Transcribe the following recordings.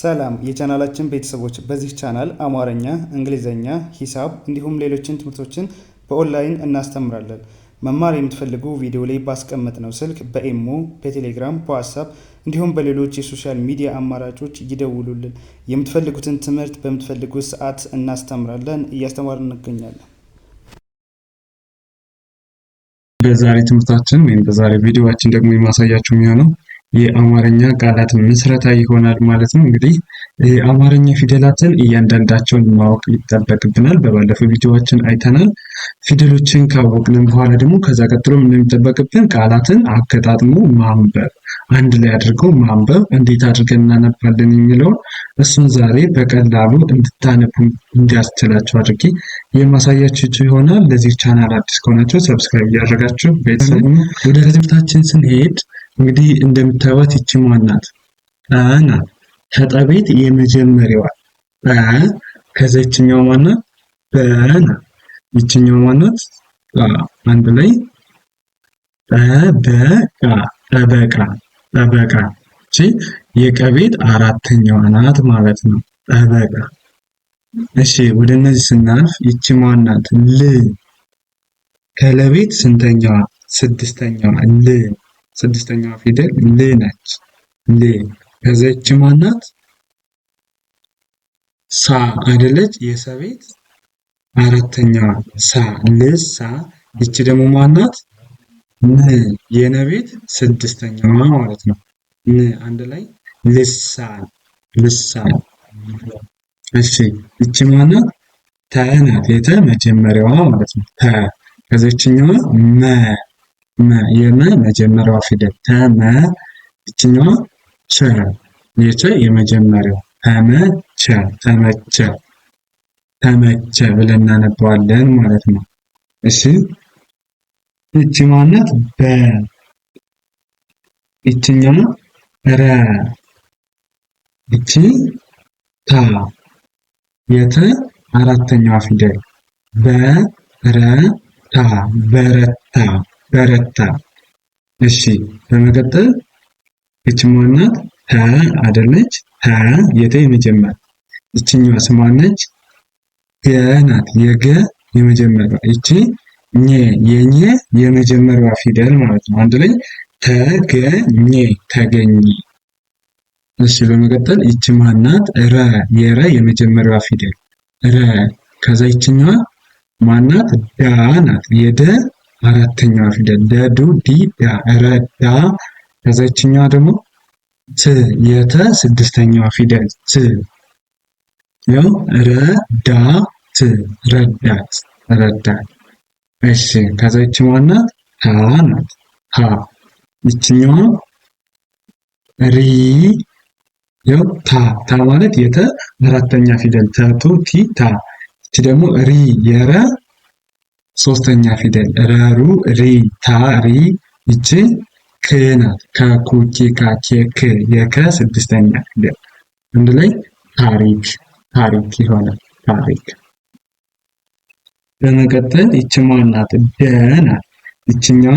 ሰላም የቻናላችን ቤተሰቦች፣ በዚህ ቻናል አማርኛ፣ እንግሊዝኛ፣ ሂሳብ እንዲሁም ሌሎችን ትምህርቶችን በኦንላይን እናስተምራለን። መማር የምትፈልጉ ቪዲዮ ላይ ባስቀመጥነው ስልክ በኢሞ፣ በቴሌግራም፣ በዋትሳፕ እንዲሁም በሌሎች የሶሻል ሚዲያ አማራጮች ይደውሉልን። የምትፈልጉትን ትምህርት በምትፈልጉት ሰዓት እናስተምራለን፣ እያስተማርን እንገኛለን። በዛሬ ትምህርታችን ወይም በዛሬ ቪዲዮችን ደግሞ የማሳያችሁ የሚሆነው የአማርኛ ቃላት ምስረታ ይሆናል ማለት ነው። እንግዲህ የአማርኛ ፊደላትን እያንዳንዳቸውን ማወቅ ይጠበቅብናል። በባለፈው ቪዲዮዎችን አይተናል። ፊደሎችን ካወቅንም በኋላ ደግሞ ከዛ ቀጥሎ እንደሚጠበቅብን ቃላትን አገጣጥሞ ማንበብ፣ አንድ ላይ አድርገው ማንበብ፣ እንዴት አድርገን እናነባለን የሚለውን እሱን ዛሬ በቀላሉ እንድታነቡ እንዲያስችላቸው አድርጌ የማሳያችሁ ይሆናል። ለዚህ ቻናል አዲስ ከሆናቸው ሰብስክራይብ እያደረጋችሁ ቤተሰብ ወደ ትምህርታችን ስንሄድ እንግዲህ እንደምታዩት ይቺ ማናት? ናት? አ ናት። ከጠ የመጀመሪያዋ አ ከዘችኛው ማን ናት? በ ናት። ይቺኛው ማን አንድ ላይ ጠበቃ ጠበቃ ጠበቃ። እቺ የቀቤት አራተኛዋ ናት ማለት ነው። ጠበቃ። እሺ ወደ እነዚህ ስናልፍ ይቺ ማናት? ናት? ል ከለቤት ስንተኛዋ? ስድስተኛዋ ል ስድስተኛ ፊደል ል ነች። ል ከዚች ማናት ሳ አይደለች? የሰቤት አራተኛ ሳ ልሳ። ይቺ ደግሞ ማናት ን የነቤት ስድስተኛዋ ማለት ነው። ን አንድ ላይ ልሳ ልሳ። እሺ ይቺ ማናት ተ ናት። የተ መጀመሪያዋ ማለት ነው። ተ ከዚችኛዋ መ የመ መጀመሪያዋ ፊደል ተመ እችኛዋ ቸ የቸ የመጀመሪያው ተመቸ ተመቸ ተመቸ ብለን እናነባዋለን ማለት ነው። እሺ እቺ ማለት በ እቺኛዋ ረ እቺ ታ የተ አራተኛዋ ፊደል በ በረታ በረታ። እሺ በመቀጠል እች ማናት? ሀ አይደለች? ሀ የተ የመጀመር ይችኛዋ ስማነች የናት ናት። የገ የመጀመሪያ እቺ ኘ የኘ የመጀመሪያዋ ፊደል ማለት ነው። አንድ ላይ ተገኘ ተገኘ። እሺ በመቀጠል እቺ ማናት? ረ የረ የመጀመሪያዋ ፊደል ረ። ከዛ ይችኛዋ ማናት? ዳ ናት። የደ አራተኛዋ ፊደል ደዱ ዲ ዳ ረዳ። ከዛችኛዋ ደግሞ ት የተ ስድስተኛዋ ፊደል ት ያው ረዳ ት ረዳት ረዳት። እሺ ከዛችኛዋ እናት ሀ ናት። ሀ ይችኛዋ ሪ ያው ታ ታ ማለት የተ አራተኛ ፊደል ተቱ ቲ ታ። ይቺ ደግሞ ሪ የረ ሶስተኛ ፊደል ረሩ ሪ ታሪ ሪ ይቺ ክ ናት። ካኬ ክ የከ ስድስተኛ ፊደል አንድ ላይ ታሪክ ታሪክ ይሆናል። ታሪክ በመቀጠል ይቺ ማናት? ደና ናት። ይችኛዋ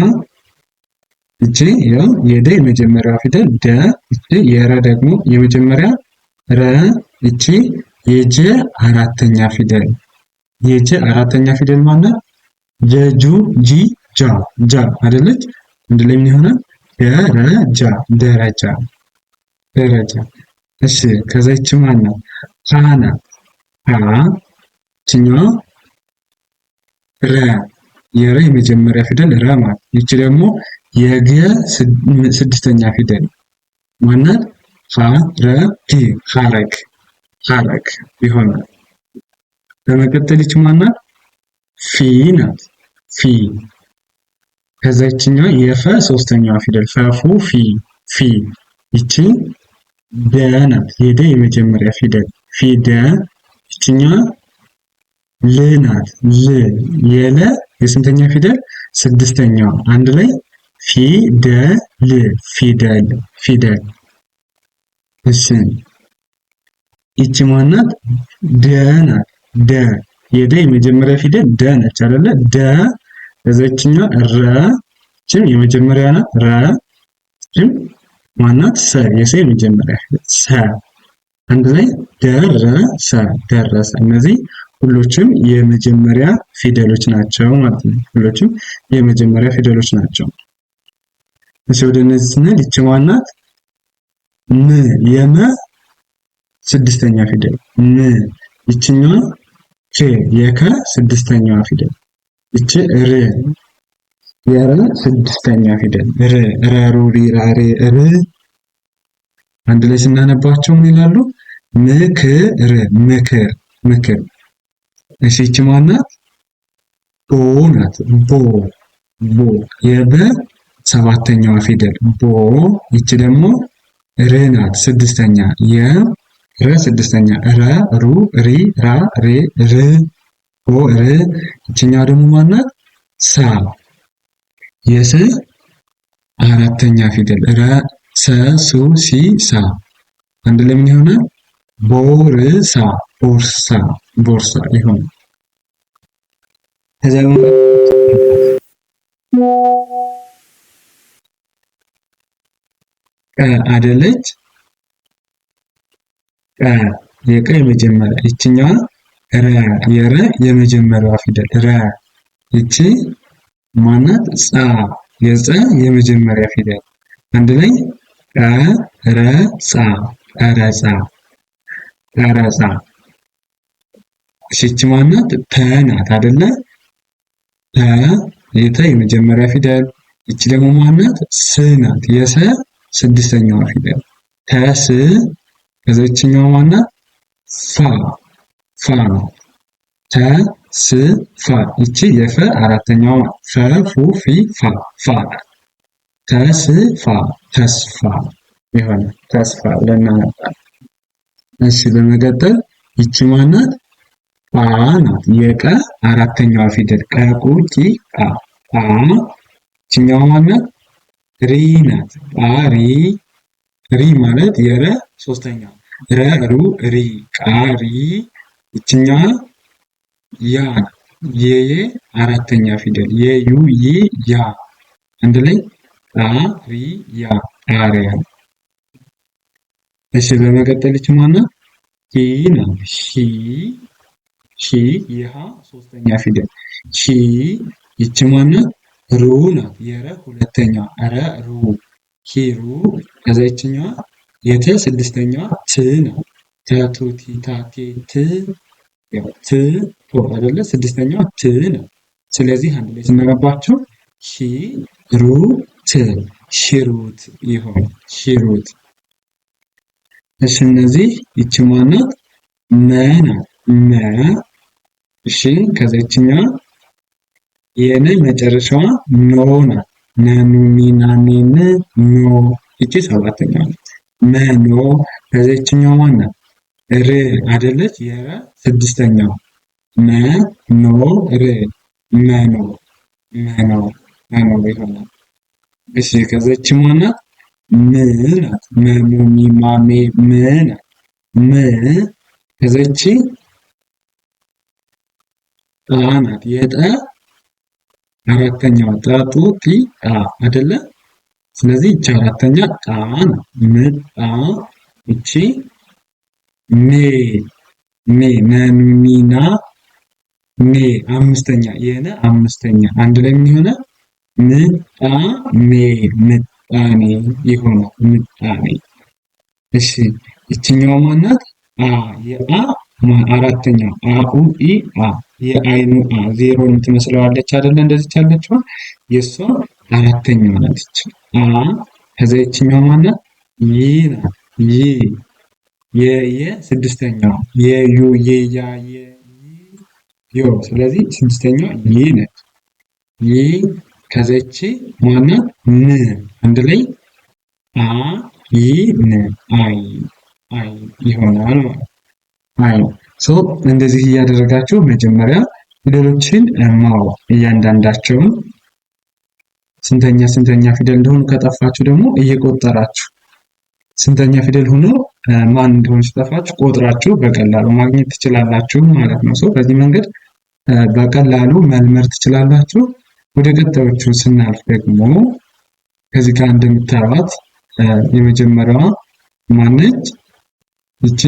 ይቺ ያው የደ የመጀመሪያዋ ፊደል ደ፣ ይቺ የረ ደግሞ የመጀመሪያ ረ፣ ይቺ የጀ አራተኛ ፊደል የጀ አራተኛ ፊደል ማናት? ጀጁ ጂ ጃ ጃ አይደለች አንድ ላይ ምን ይሆናል? ደረጃ ደረጃ ደረጃ። እሺ ከዛ ይቺ ማን ነው? ሃና ሃ ሀ ረ የረ የመጀመሪያ ፊደል ረ ማለት ይቺ ደግሞ የገ ስድስተኛ ፊደል ማናት? ሃ ረ ቲ ሀረግ ሀረግ ይሆናል። በመቀጠል ይቺ ማናት? ፊ ናት ፊ ከዛችኛው የፈ ሶስተኛዋ ፊደል ፈፉ ፊ ፊ ይቺ ደ ናት። የደ የመጀመሪያ ፊደል ፊ ደ። ይችኛዋ ል ናት። ል የለ የስንተኛ ፊደል ስድስተኛዋ። አንድ ላይ ፊ ደ ል ፊደል ፊደል። እሺ ይቺ ማናት? ደ ናት። ደ የደ የመጀመሪያ ፊደል ደ ናት። አይደለ ደ ከዚችኛ ረ ችም የመጀመሪያ ናት። ረ ችም ማናት? ሰ የሰ የመጀመሪያ ሰ አንድ ላይ ደረሰ ደረሰ። እነዚህ ሁሎችም የመጀመሪያ ፊደሎች ናቸው ማለት ነው። ሁሎችም የመጀመሪያ ፊደሎች ናቸው። እሺ ወደ እነዚህ ስንል ይቺ ማናት? ም የመ ስድስተኛ ፊደል ም። ይችኛዋ ኬ የከ ስድስተኛዋ ፊደል እች ር የረ ስድስተኛ ፊደል ር ረሩ ሪራሬ ር አንድ ላይ ስናነባቸው ምን ይላሉ? ምክር ምክር ምክር። እሺ እች ማናት? ቦ ናት። ቦ ቦ የበ ሰባተኛዋ ፊደል ቦ። ይች ደግሞ ር ናት ስድስተኛ የረ ስድስተኛ ረ ሩ ሪ ራ ሬ ር ኦ ር እችኛዋ ደግሞ ማናት? ሳ የሰ አራተኛ ፊደል ረ ሰ ሱ ሲ ሳ አንድ ለምን ይሆነ? የሆነ ቦርሳ ቦርሳ ቦርሳ ይሆነ ከዚያ ቀ አደለች ቀ የቀ የመጀመሪያ ይችኛዋ ረ የረ የመጀመሪያዋ ፊደል ረ ይቺ ማናት? ጻ የጸ የመጀመሪያ ፊደል አንድ ላይ ቀረጻ ቀረጻ ቀረጻ። ይቺ ማናት? ተ ናት አይደለ? ተ የተ የመጀመሪያ ፊደል ይቺ ደግሞ ማናት? ስ ናት የሰ ስድስተኛዋ ፊደል ተስ ከዚችኛዋ ማናት? ፋ ፈ ነው። ተ ስ ፈ ይቺ የፈ አራተኛው ፈ ፉ ፊ ፋ ፋ ተስፋ ተስፋ ይሆነ ተስፋ ብለን እናነባለን። እሺ በመቀጠል ይቺ ማናት? ጳ ናት። የቀ አራተኛዋ ፊደል ቀ ቁ ቂ ቃ ጳ። ይችኛዋ ማናት? ሪ ናት። ጳ ሪ ሪ ማለት የረ ሶስተኛው ረ ሩ ሪ ቃሪ ይችኛዋ ያ የየ አራተኛ ፊደል የዩ ይ ያ አንድ ላይ አሪያ አሪያ። እሺ በመቀጠል ይች ማና ሂ ነው። ሺ ሺ ይሃ ሶስተኛ ፊደል ሺ። ይች ማና ሩ ነው። የረ ሁለተኛ ረ ሩ ሂሩ። ከዛ ይችኛዋ የተ ስድስተኛ ት ነው። ተቱቲታቴ ት ት አይደለ ስድስተኛዋ ት ነው። ስለዚህ አንድ ላይ ስናነባቸው ሂ ሩ ት ሽሩት ይሆን ሽሩት። እሺ እነዚህ ማናት? መ ናት መ እሺ ከዛ የነ መጨረሻዋ ኖ ኖ ይቺ መኖ ከዛ ማናት? ር አይደለች የረ ስድስተኛው መ ኖ ር መኖ መኖ መኖ ይሆናል። እሺ ከዘች ማናት ም ናት መሙ ሚማሜ ም ናት ም ከዘች ጣ ናት የጠ አራተኛው ጣጡ ጢ ጣ አይደለ። ስለዚህ ይቺ አራተኛ ጣ ናት ምጣ እቺ ሜ ሜ ነሚና ሜ አምስተኛ የነ አምስተኛ አንድ ላይ ምን ይሆነ ምጣኔ ይሆነ ምጣኔ። እሺ ይችኛው ማናት? አ የአ አራተኛው አኡ ኢ አ የአይኑ አ ዜሮ የምትመስለዋለች አይደለ? እንደዚች ያለችው የእሷ አራተኛው ናት። አ ከዛ ይችኛው ማናት? ይ ናት ይ የየ ስድስተኛው የዩ የያ ዮ ስለዚህ ስድስተኛው ይህ ነች። ይህ ከዘች ማናት ን አንድ ላይ አ ይህ ን አይ አይ ይሆናል ማለት ሶ እንደዚህ እያደረጋችሁ መጀመሪያ ፊደሎችን ማወቅ እያንዳንዳቸውን ስንተኛ ስንተኛ ፊደል እንደሆኑ ከጠፋችሁ ደግሞ እየቆጠራችሁ ስንተኛ ፊደል ሆኖ ማን እንደሆነ ሲጠፋችሁ ቆጥራችሁ በቀላሉ ማግኘት ትችላላችሁ ማለት ነው። ሰው በዚህ መንገድ በቀላሉ መልመድ ትችላላችሁ። ወደ ቀጣዮቹ ስናልፍ ደግሞ ከዚህ ጋር እንደምታዩት የመጀመሪያዋ ማነች? ይቺ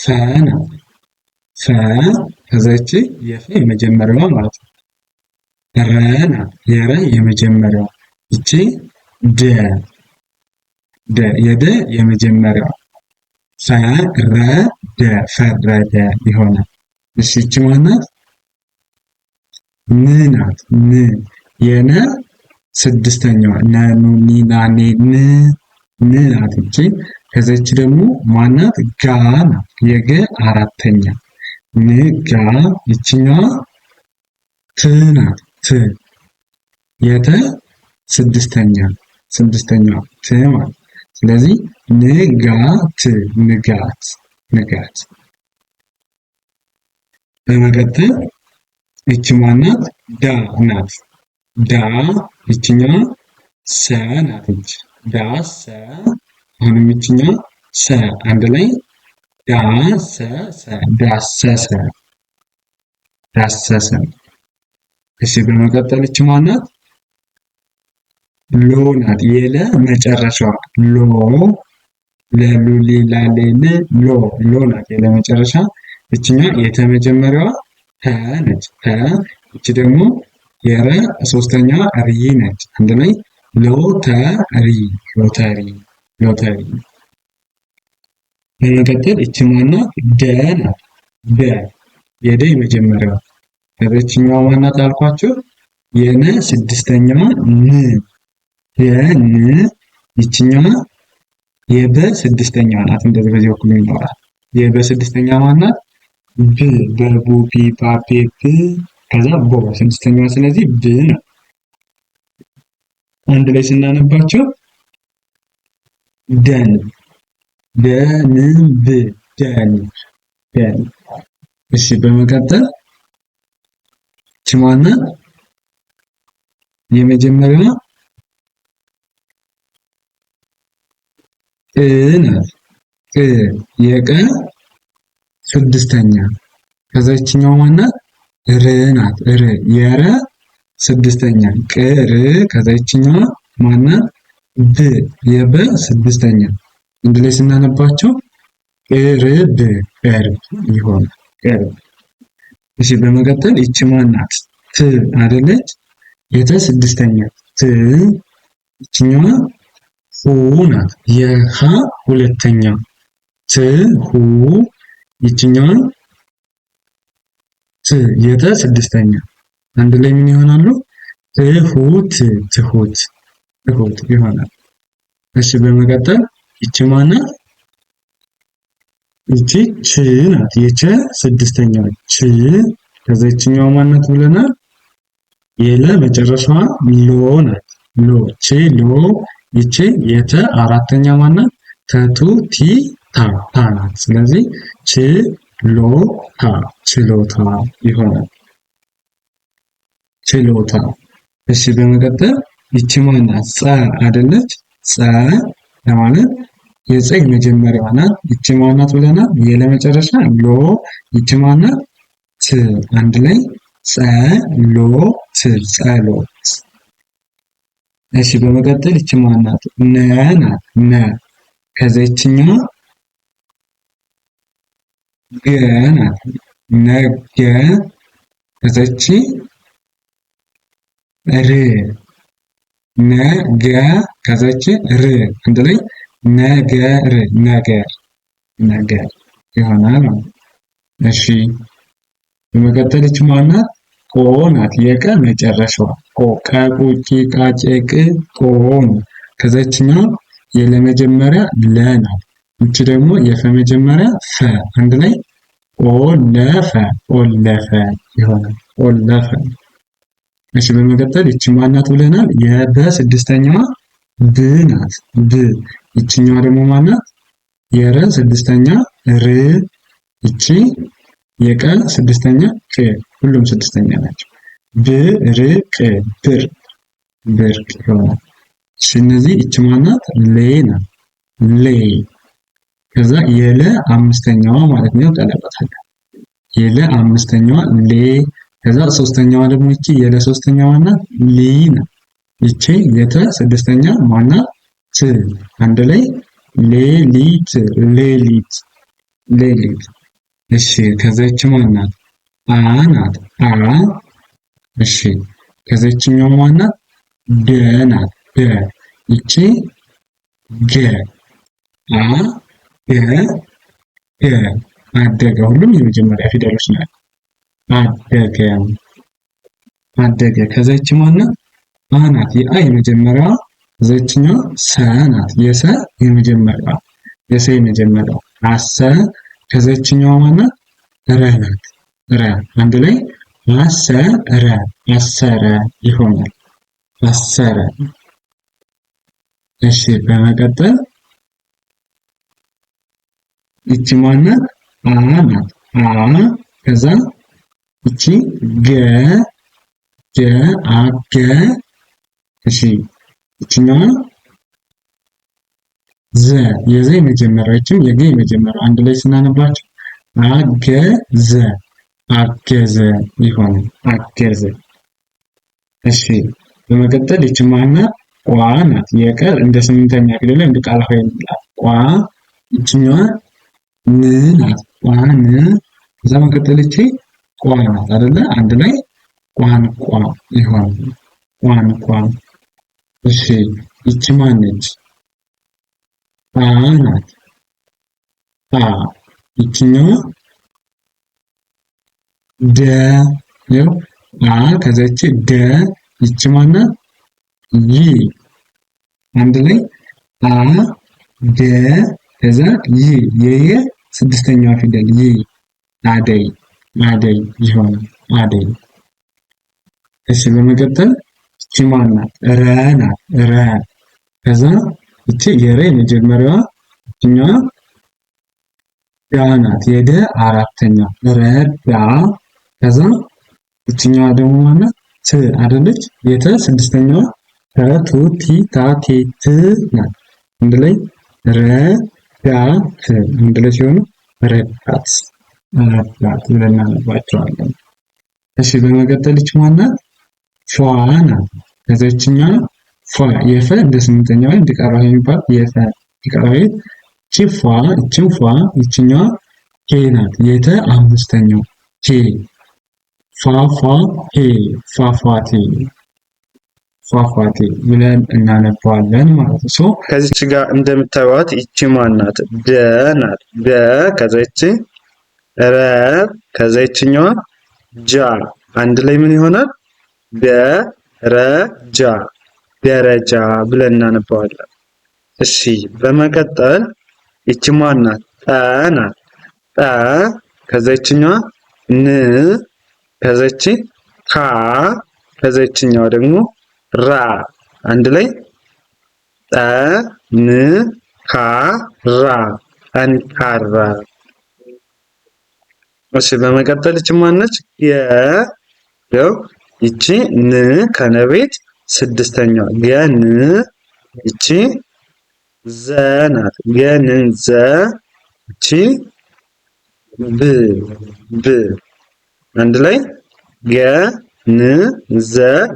ፈ ናት። ፈ ከዛ ይቺ የፈ የመጀመሪያዋ ማለት ነው። ረ የረ የመጀመሪያዋ ይቺ ደ ደ የደ የመጀመሪያዋ ፈረደ ፈረደ ይሆናል። እሺ ይቺ ማናት? ን ናት። ን የነ ስድስተኛዋ ነኑ ኒና ን ን ናት እቺ። ከዚች ደግሞ ማናት? ጋ ናት። የገ አራተኛ ን ጋ። ይችኛዋ ት ናት። ት የተ ስድስተኛ ስድስተኛዋ ት ማለት ስለዚህ ንጋት ንጋት ንጋት። በመቀጠል እቺ ማናት? ዳ ናት። ዳ ይችኛዋ ሰ ናት። እች ዳ ሰ። አሁንም ይችኛዋ ሰ አንድ ላይ ዳሰሰ ዳሰሰ ዳሰሰ። እሺ በመቀጠል እች ማናት? ሎ ናት። የለ መጨረሻዋ ሎ ሌለ ሎ ሎ ናት። የለ መጨረሻ እችኛ የተመጀመሪያዋ ተ ነች። ተ እች ደግሞ የረ ሶስተኛ ሪ ነች። አንድ ላይ ሎተሪ ሎተሪ ሎተሪ። በመቀጠል እች ማናት? ደ ናት። ደ የደ የመጀመሪያዋ ከዚችኛዋ ማናት አልኳችሁ? የነ ስድስተኛዋ ን የን ይችኛዋ የበ ስድስተኛዋ ናት። እንደዚህ በዚህ በኩል ይኖራል። የበ ብ በቡ ቢ ብ ከዛ ቦ ስድስተኛዋ። ስለዚህ ብ ነው። አንድ ላይ ስናነባቸው ደን ደንም ብ ደን ደን። እሺ በመቀጠል ችማና እ ናት እ የቀ ስድስተኛ ከዛችኛው ማናት ር ናት ር የረ ስድስተኛ ቅር ከዛችኛዋ ማናት ብ የበ ስድስተኛ አንድ ላይ ስናነባቸው ቅርብ ቅርብ ይሆን ቅርብ። እሺ በመቀጠል ይቺ ማናት ት አደለች የተ ስድስተኛ ት ይችኛዋ ሁ ናት። የሀ ሁለተኛ ት ሁ ይችኛዋ ት የተ ስድስተኛ አንድ ላይ ምን ይሆናሉ? ትሁት ትሁት ትሁት ይሆናል። እሺ በመቀጠል ይቺ ማናት? ይቺ ች ናት። የቸ ስድስተኛ ች ከዛ ይችኛው ማናት ብለናል? የለ መጨረሻዋ ሎ ናት። ሎ ች ሎ ይቺ የተ አራተኛ ማናት? ተቱ ቲ ታ ታ ናት። ስለዚህ ችሎታ ችሎታ ይሆናል። ችሎታ። እሺ በመቀጠል ይቺ ማናት? ፀ አይደለች? ፀ ለማለት የፀ መጀመሪያዋ ናት። ይቺ ማናት ብለናል? የለመጨረሻ ሎ። ይቺ ማናት? ት አንድ ላይ ጸሎት ጸሎት እሺ በመቀጠል ይቺ ማናት? ነ ናት። ነ ከዛ ይችኛዋ ገ ናት። ነገ ከዛች ር ነገ ከዛች ር አንድ ላይ ነገር ነገር ነገር ይሆናል። እሺ በመቀጠል ይች ማናት? ኦ ናት የቀ መጨረሻዋ ኦ ከቁጭ ቃጨቅ ኦ ከዛችኛው የለመጀመሪያ ለ ናት። ደግሞ የፈመጀመሪያ ፈ አንድ ላይ ኦለፈ ኦለፈ ይሆናል። ኦለፈ። እሺ በመቀጠል ይቺ ማናት ብለናል? የበ ስድስተኛዋ ብ ናት። ብ ይችኛዋ ደግሞ ማናት? የረ ስድስተኛ ር ይቺ የቀ ስድስተኛ ቅ ሁሉም ስድስተኛ ናቸው። ብርቅ ብር ብርቅ ይሆናል። እነዚህ እች ማናት ሌ ናት። ሌ ከዛ የለ አምስተኛዋ ማለት ነው ጠለበታለ የለ አምስተኛዋ ሌ ከዛ ሶስተኛዋ ደግሞ እቺ የለ ሶስተኛዋ ናት ሊ ናት። ይቺ የተ ስድስተኛ ማናት ት አንድ ላይ ሌሊት ሌሊት ሌሊት። እሺ ከዛ እች ማናት አ ናት አ እሺ ከዛ ማናት ደ ናት ደ ይቺ ገ አ ገ ገ አደገ ሁሉም የመጀመሪያ ፊደሎች ናቸው። አደገ አደገ ከዛ ማናት አ ናት የአ የመጀመሪያዋ ከዛ ሰ ናት የሰ የመጀመሪያዋ የሰ የመጀመሪያዋ አሰ ከዛ ማናት ረ ናት ረ አንድ ላይ አሰረ አሰረ ይሆናል። አሰረ። እሺ፣ በመቀጠል ይቺ ማናት? አ ናት። አ ከዛ ይቺ ገ ገ አ ገ። እሺ፣ ይቺኛዋ ዘ የዘ የመጀመሪያዎችም የገ የመጀመሪያው አንድ ላይ ስናነባቸው አገዘ አገዘ ይሆን አገዘ። እሺ በመቀጠል ይች ማናት? ቋ ናት። የቀር እንደ ስምንተኛ ፊደል ላይ እንደ ቃል ሆይ ቋ ይችኛዋ ን ናት። ቋ ን። ከዛ መቀጠል ቋ ናት አይደለ? አንድ ላይ ቋንቋ ይሆናል። ቋንቋ። እሺ ይች ማነች? አ ናት። አ ይችኛዋ ደ ይኸው አ ከዛች ደ ይችማና ይ አንድ ላይ አ ደ ከዛ ይ የየ ስድስተኛዋ ፊደል ይ አደይ አደይ ይሆናል። አደይ እሺ። በመቀጠል እቺ ማን ረ ናት። ረ ከዛ እቺ የረ የመጀመሪያዋ እቺኛዋ ዳ ናት። የደ አራተኛ ረዳ ከዛ እችኛዋ ደግሞ ማለት ት አይደለች የተ ስድስተኛዋ ከቱ ቲ ታ ቴ ት ናት። አንድ ላይ ረዳት አንድ ላይ ሲሆኑ ረዳት ረዳት ብለን እናነባቸዋለን። እሺ በመቀጠል ይች ማናት ፏ ናት። ከዛ ይችኛ ፏ የፈ እንደ ስምንተኛ ወይ እንዲቀራ የሚባል የፈ እንዲቀራ ይቺ ፏ ይቺ ፏ ይችኛዋ ኬ ናት። የተ አምስተኛው ኬ ፏፏቴ ፏፏቴ ፏፏቴ ብለን እናነባዋለን ማለት ነው። ከዚች ጋር እንደምታዩት ይቺ ማናት? ደ ናት። ደ ከዛች ረ ከዛችኛዋ ጃ አንድ ላይ ምን ይሆናል? ደረጃ ደረጃ ብለን እናነባዋለን። እሺ በመቀጠል ይቺ ማናት? ጠ ናት። ጠ ከዛችኛዋ ን ከዘች ካ ከዘችኛዋ ደግሞ ራ አንድ ላይ ጠ ን ጠንካራ ጠንካራ። እሺ በመቀጠል እቺ ማነች? የ ው ይቺ ን ከነቤት ስድስተኛው የን ይቺ ዘ ናት። የንን ዘ ይቺ ብ ብ አንድ ላይ ገንዘብ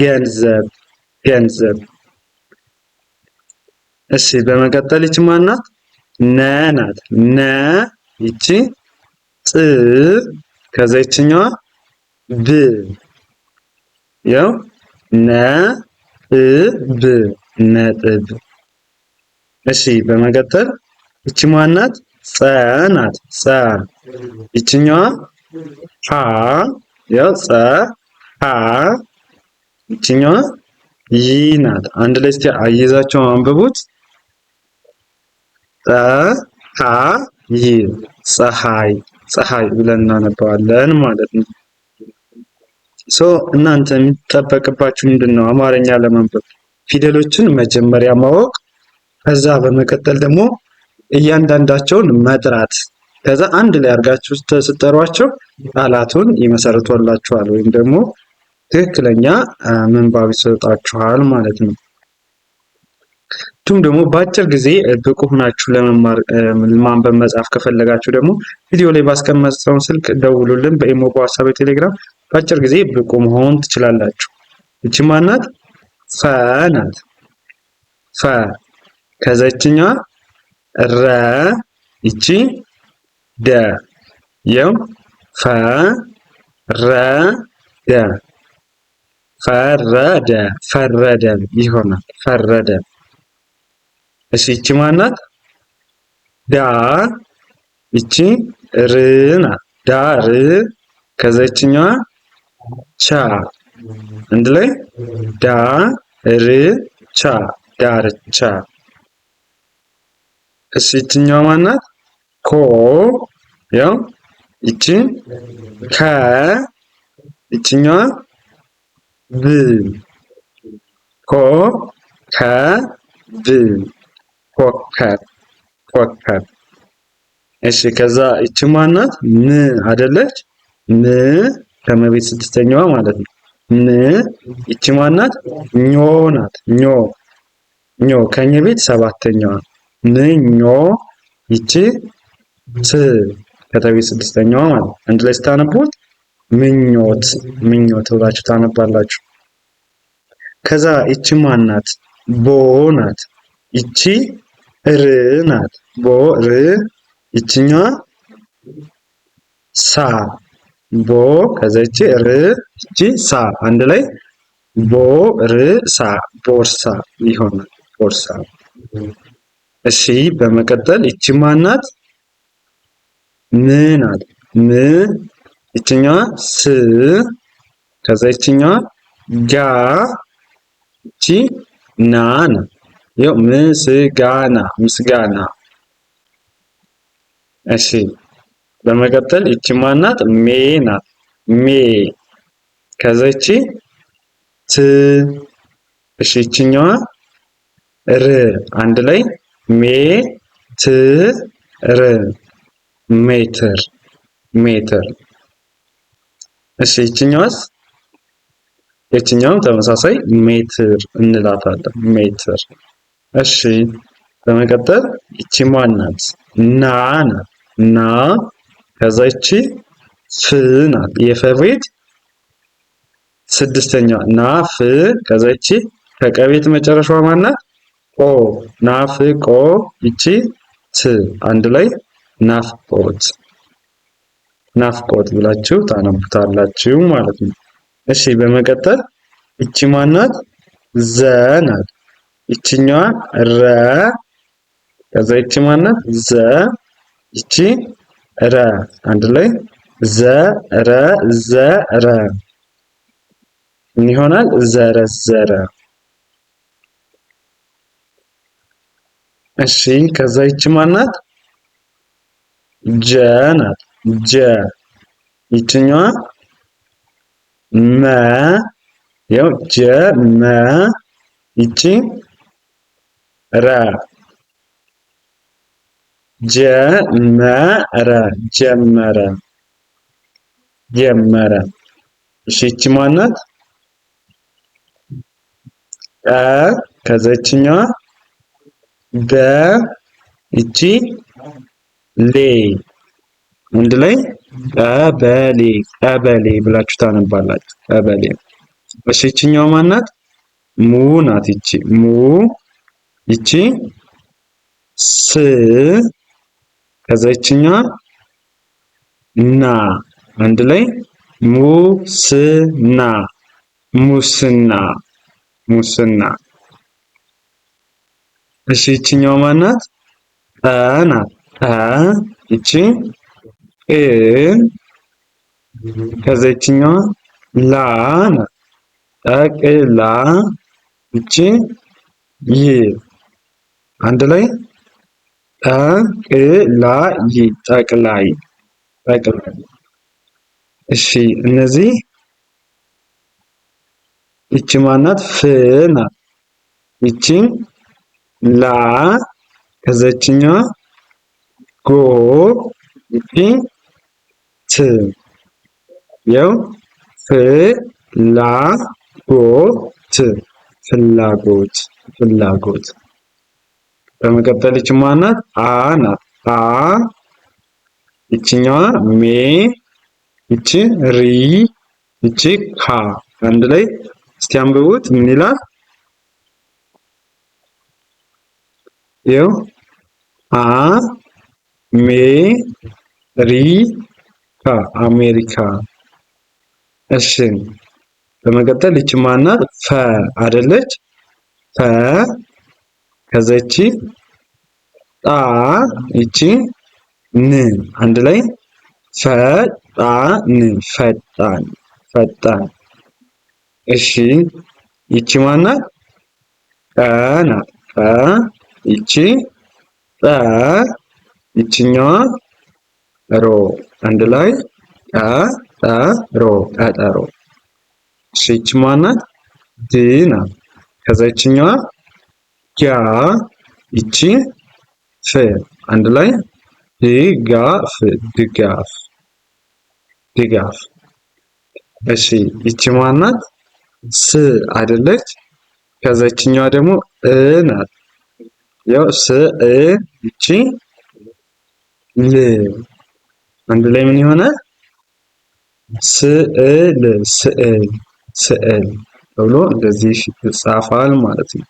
ገንዘብ ገንዘብ። እሺ በመቀጠል ይች ማናት? ነ ናት። ነ ይቺ ጥ ከዛ ይችኛዋ ብ ያው ነ ብ ነጥብ። እሺ በመቀጠል ይች ማናት? ጸ ናት። ጸ ይችኛዋ ሀ ያው ጸ ሀ ይችኛዋ ይ ናት። አንድ ላይ እስቲ አየዛቸው አንብቡት። ጸ ሀ ይ ፀሐይ ፀሐይ ብለን እናነባዋለን ማለት ነው። ሶ እናንተ የሚጠበቅባችሁ ምንድን ነው? አማርኛ ለማንበብ ፊደሎችን መጀመሪያ ማወቅ፣ ከዛ በመቀጠል ደግሞ እያንዳንዳቸውን መጥራት ከዛ አንድ ላይ አድርጋችሁ ስትጠሯቸው ቃላቱን ይመሰርቶላችኋል ወይም ደግሞ ትክክለኛ ምንባብ ይሰጣችኋል ማለት ነው። እንዲሁም ደግሞ በአጭር ጊዜ ብቁ ሆናችሁ ለመማር ማንበብ መጻፍ ከፈለጋችሁ ደግሞ ቪዲዮ ላይ ባስቀመጠውን ስልክ ደውሉልን። በኢሞ፣ በዋትስአፕ፣ በቴሌግራም በአጭር ጊዜ ብቁ መሆን ትችላላችሁ። እቺ ማናት? ፈ ናት። ፈ ከዘችኛ ረ ይቺ ደ የው ፈ ረ ደ ፈረደ ፈረደ ይሆናል። ፈረደ። እሺ ይቺ ማናት? ዳ ይቺ ር ናት። ዳ ቻ አንድ ላይ ዳ ር ቻ ዳርቻ። እሺ ይችኛዋ ማናት? ኮ ያው ይቺ ከ ይችኛዋ ብ ኮ ከ ብ ኮከብ ኮከብ። እሺ ከዛ ይቺ ማናት? ም አይደለች? ም ከመቤት ስድስተኛዋ ማለት ነው። ም ይቺ ማናት? ኞ ናት። ኞ ኞ ከኘ ቤት ሰባተኛዋ ም ኞ ይቺ ስ ከተቤት ስድስተኛዋ ማለት አንድ ላይ ስታነቡት ምኞት ምኞት ብላችሁ ታነባላችሁ። ከዛ ይቺ ናት ቦ ናት። ይቺ ር ናት። ቦ ር ይችኛዋ ሳ ቦ ከዛ ይቺ ር ይቺ ሳ አንድ ላይ ቦ ር ሳ ቦርሳ ይሆናል። ቦርሳ። እሺ በመቀጠል ይቺ ናት። ም ናት። ም ይችኛዋ ስ ከዛ ይችኛዋ ጋ ይቺ ና ናት። ይኸው ምስጋና ምስጋና። እሺ በመቀጠል ይቺ ማናት? ሜ ናት። ሜ ከዛ ይቺ ት እሺ ይችኛዋ ር አንድ ላይ ሜ ት ር ሜትር ሜትር። እሺ ይችኛዋስ? ይችኛውም ተመሳሳይ ሜትር እንላታለን ሜትር። እሺ በመቀጠል ይቺ ማን ናት? ና ናት ና። ከዛ ይቺ ፍ ናት የፈቤት ስድስተኛዋ ና ፍ። ከዛ ይቺ ከቀቤት መጨረሻዋ ማን ናት? ቆ ናፍ ቆ። ይቺ ት አንድ ላይ ናፍቆት ናፍቆት ብላችሁ ታነቡታላችሁ ማለት ነው። እሺ በመቀጠል እቺ ማናት? ዘ ናት። ይችኛዋ ረ ከዛ እቺ ማናት? ዘ እቺ ረ አንድ ላይ ዘ ረ ዘ ረ ምን ይሆናል? ዘረዘረ። እሺ ከዛ እቺ ማናት? ጀ ናት። ጀ ይችኛዋ መ ያው ጀ መ ይቺ ረ ጀ መ ረ ጀመረ ጀመረ። እሺ ይቺ ማናት? ቀ ከዛ ይችኛዋ በ ይቺ ሌ አንድ ላይ ቀበሌ ቀበሌ ብላችሁ ታነባላችሁ። ቀበሌ። እሺ ይችኛው ማናት? ሙ ናት። ይቺ ሙ ይቺ ስ ከዛ ይችኛዋ ና አንድ ላይ ሙስና ሙስና ሙስና። እሺ ይችኛው ማናት? ጠ ናት ይቺ ኤ ከዛ ይችኛዋ ላ ናት። ጠቅላ ይቺ ይ አንድ ላይ ጠቅላይ ጠቅላይ ጠቅላይ። እሺ እነዚህ ይቺ ማናት? ፍ ናት። ይቺ ላ ከዘችኛዋ ጎ ፊ ት የው ፍ ላ ጎ ት ፍላጎት ፍላጎት። በመቀጠል ይች ማናት? አ ናት። አ ይችኛዋ ሜ ይች ሪ ይች ካ አንድ ላይ እስቲ አንብቡት። ምን ይላል? ይኸው አ ሜሪካ አሜሪካ። እሺ በመቀጠል ይች ማናት? ፈ አይደለች? ፈ ከዘቺ ጣ ይቺ ን አንድ ላይ ፈጣን ፈጣን ፈጣን። እሺ ይቺ ማናት? ቀ ናት። ቀ ይቺ ጠ ይችኛዋ ሮ አንድ ላይ ቀጠሮ ቀጠሮ። እሺ ይቺ ማናት? ድ ናት። ከዛ ይችኛዋ ጋ ይቺ ፍ አንድ ላይ ድጋፍ ድጋፍ ድጋፍ። እሺ ይቺ ማናት? ስ አይደለች። ከዛ ይችኛዋ ደግሞ እ ናት። ያው ስ እ ይቺ ይሄ አንድ ላይ ምን የሆነ ስዕል ስዕል ስዕል ተብሎ እንደዚህ ይጻፋል ማለት ነው።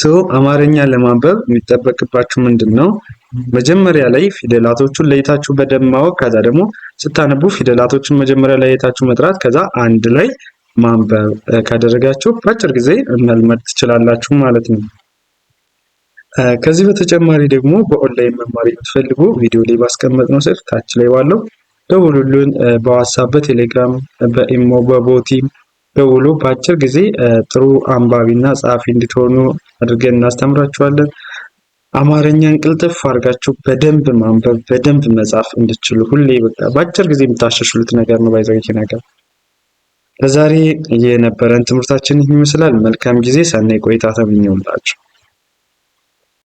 ሰው አማርኛ ለማንበብ የሚጠበቅባችሁ ምንድን ነው? መጀመሪያ ላይ ፊደላቶቹን ለይታችሁ በደንብ ማወቅ፣ ከዛ ደግሞ ስታነቡ ፊደላቶቹን መጀመሪያ ለይታችሁ መጥራት፣ ከዛ አንድ ላይ ማንበብ ካደረጋችሁ በአጭር ጊዜ መልመድ ትችላላችሁ ማለት ነው። ከዚህ በተጨማሪ ደግሞ በኦንላይን መማር የምትፈልጉ ቪዲዮ ላይ ነው ስልክ ታች ላይ ባለው ደውሉልን። በዋትሳፕ፣ በቴሌግራም፣ በኢሞ፣ በቦቲ ደውሉ። በአጭር ጊዜ ጥሩ አንባቢና ጸሐፊ እንድትሆኑ አድርገን እናስተምራችኋለን። አማርኛን ቅልጥፍ አድርጋችሁ በደንብ ማንበብ በደንብ መጻፍ እንድችሉ ሁሌ በቃ በአጭር ጊዜ የምታሻሽሉት ነገር ነው። ባይዘው ነገር ለዛሬ የነበረን ትምህርታችን ይመስላል። መልካም ጊዜ፣ ሰናይ ቆይታ ተመኘውላችሁ።